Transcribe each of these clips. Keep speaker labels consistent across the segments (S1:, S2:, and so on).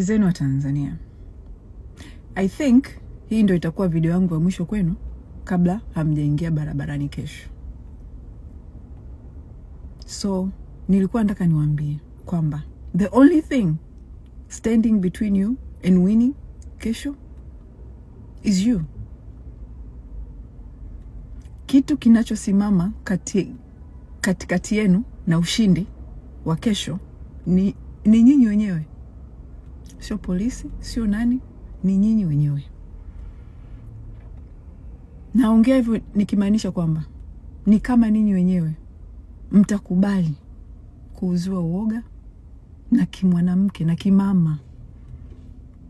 S1: zenu wa Tanzania, I think hii ndio itakuwa video yangu ya mwisho kwenu kabla hamjaingia barabarani kesho. So nilikuwa nataka niwaambie kwamba the only thing standing between you and winning kesho is you. Kitu kinachosimama kati katikati yenu na ushindi wa kesho ni, ni nyinyi wenyewe sio polisi, sio nani, ni nyinyi wenyewe. Naongea hivyo nikimaanisha kwamba ni kama ninyi wenyewe mtakubali kuuziwa uoga na kimwanamke na kimama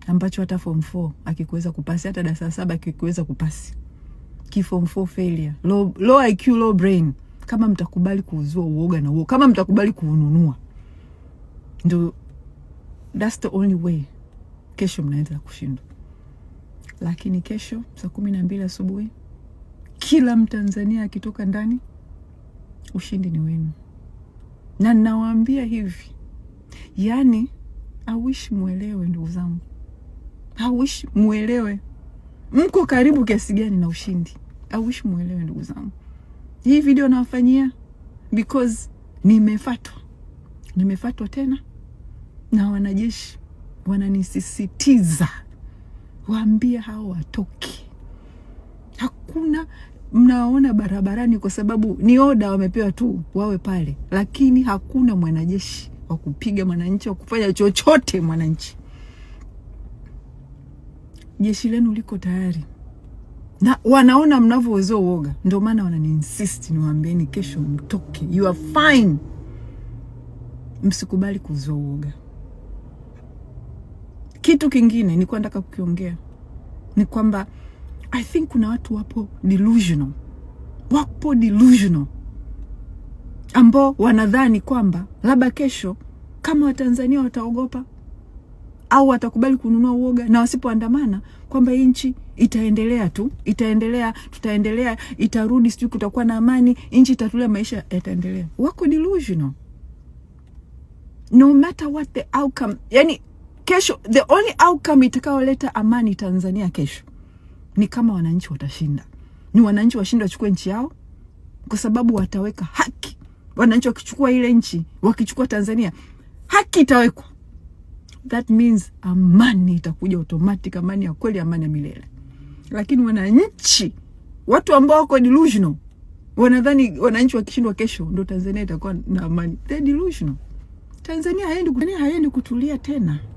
S1: ambacho hata form 4 akikuweza kupasi hata darasa saba akikuweza kupasi ki form 4 failure low, low IQ low brain. Kama mtakubali kuuziwa uoga na uoga, kama mtakubali kuununua, ndio that's the only way. Kesho mnaenda kushindwa, lakini kesho saa kumi na mbili asubuhi kila Mtanzania akitoka ndani, ushindi ni wenu, na ninawaambia hivi, yaani awishi mwelewe, ndugu zangu, wish mwelewe mko karibu kiasi gani na ushindi. Awishi mwelewe, ndugu zangu, hii video nawafanyia because nimefatwa, nimefatwa tena na wanajeshi wananisisitiza, waambie hao watoke. Hakuna mnawaona barabarani kwa sababu ni oda wamepewa tu wawe pale, lakini hakuna mwanajeshi wa kupiga mwananchi wa kufanya chochote mwananchi. Jeshi lenu liko tayari na wanaona mnavyowezea uoga, ndio maana wananiinsist niwaambieni, kesho mtoke, you are fine. Msikubali kuzoa uoga. Kitu kingine nilikuwa nataka kukiongea ni kwamba I think kuna watu wapo delusional, wapo delusional ambao wanadhani kwamba labda kesho kama Watanzania wataogopa au watakubali kununua uoga na wasipoandamana, kwamba hii nchi itaendelea tu, itaendelea, tutaendelea, itarudi, sijui kutakuwa na amani, nchi itatulia, maisha yataendelea. Wako delusional no matter what the outcome, yani kesho, the only outcome itakayoleta amani Tanzania kesho ni kama wananchi watashinda, ni wananchi washinde wachukue nchi yao, kwa sababu wataweka haki. Wananchi wakichukua ile nchi, wakichukua Tanzania, haki itawekwa. That means amani itakuja automatic, amani ya kweli, amani ya milele. Lakini wananchi, watu ambao wako delusional wanadhani wananchi wakishindwa kesho ndo Tanzania itakuwa na amani. They delusional. Tanzania haendi, haendi kutulia tena.